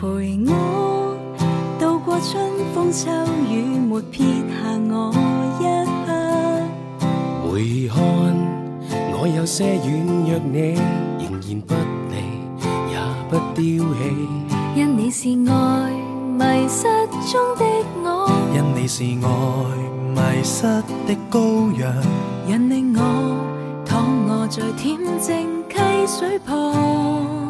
陪我渡過春風秋雨，沒撇下我一刻。回看我有些軟弱你，你仍然不離也不丟棄。因你是愛迷失中的我，因你是愛迷失的羔羊，引領我躺臥在恬靜溪水旁。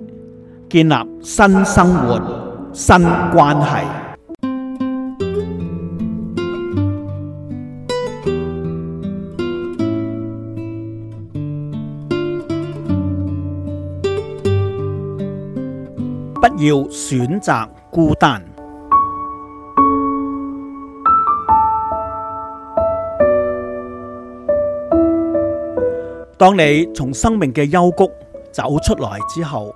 建立新生活、新關係。不要選擇孤單。當你從生命嘅幽谷走出來之後，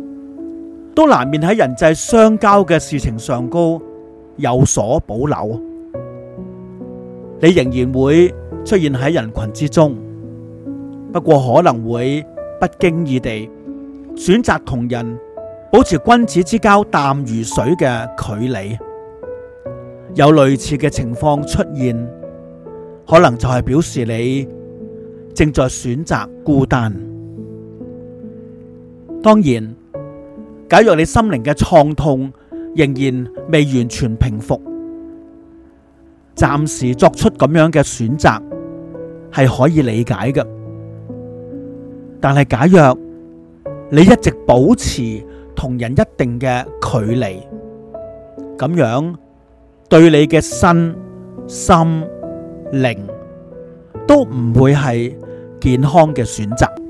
都難免喺人際相交嘅事情上高有所保留，你仍然會出現喺人群之中，不過可能會不經意地選擇同人保持君子之交淡如水嘅距離。有類似嘅情況出現，可能就係表示你正在選擇孤單。當然。假若你心靈嘅創痛仍然未完全平復，暫時作出咁樣嘅選擇係可以理解嘅。但係假若你一直保持同人一定嘅距離，咁樣對你嘅身、心、靈都唔會係健康嘅選擇。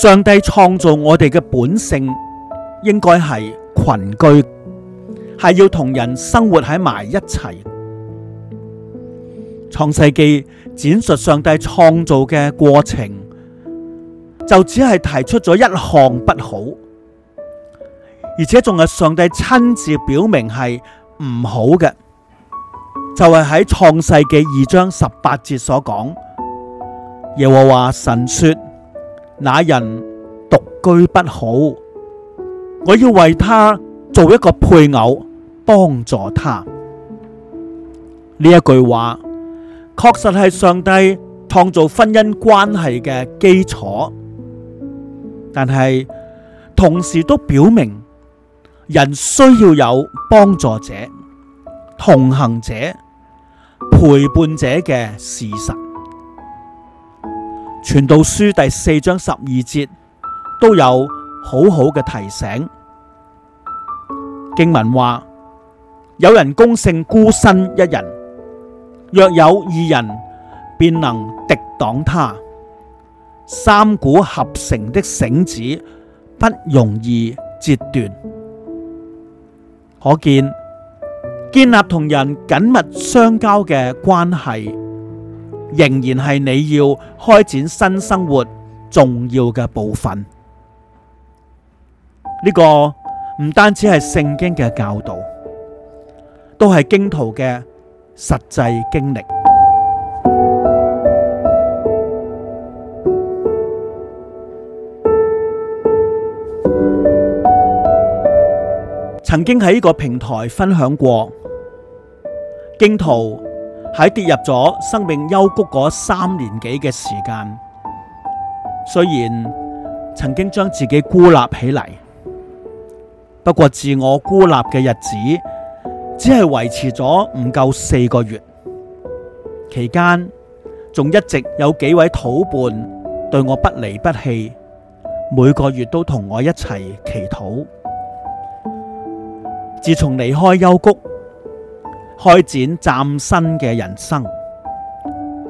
上帝創造我哋嘅本性應該係群居，係要同人生活喺埋一齊。創世記展述上帝創造嘅過程，就只係提出咗一項不好，而且仲係上帝親自表明係唔好嘅，就係喺創世記二章十八節所講，耶和華神說那人獨居不好，我要為他做一個配偶，幫助他。呢一句話確實係上帝創造婚姻關係嘅基礎，但係同時都表明人需要有幫助者、同行者、陪伴者嘅事實。傳道書第四章十二節都有好好嘅提醒。經文話：有人攻勝孤身一人，若有二人，便能敵擋他。三股合成的繩子不容易折斷，可見建立同人緊密相交嘅關係，仍然係你要開展新生活重要嘅部分。呢、這個唔單止係聖經嘅教導，都係荊徒嘅實際經歷。曾經喺呢個平台分享過荊徒。荊徒喺跌入咗生命幽谷嗰三年幾嘅時間，雖然曾經將自己孤立起嚟，不過自我孤立嘅日子只係維持咗唔夠四個月，期間仲一直有幾位禱伴，對我不離不棄，每個月都同我一齊祈禱。自從離開幽谷。開展嶄新嘅人生，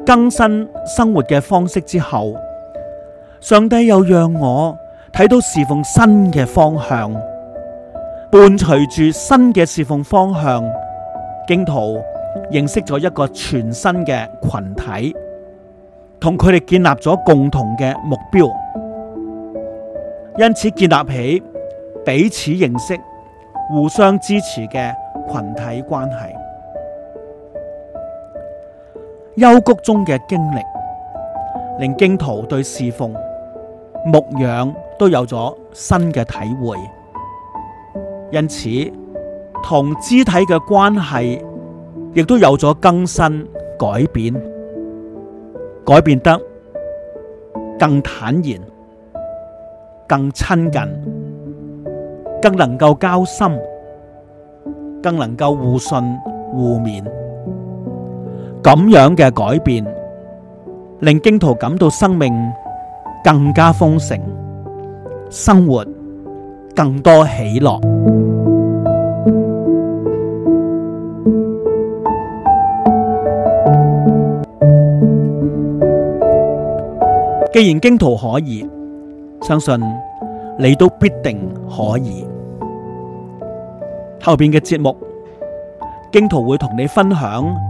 更新生活嘅方式之後，上帝又讓我睇到侍奉新嘅方向，伴隨住新嘅侍奉方向，荊徒認識咗一個全新嘅群體，同佢哋建立咗共同嘅目標，因此建立起彼此認識、互相支持嘅群體關係。幽谷中嘅經歷，令荊徒對侍奉、牧養都有咗新嘅體會，因此同肢體嘅關係亦都有咗更新改變，改變得更坦然、更親近、更能夠交心、更能夠互信互勉。咁樣嘅改變，令荊徒感到生命更加豐盛，生活更多喜樂。既然荊徒可以，相信你都必定可以。後邊嘅節目，荊徒會同你分享。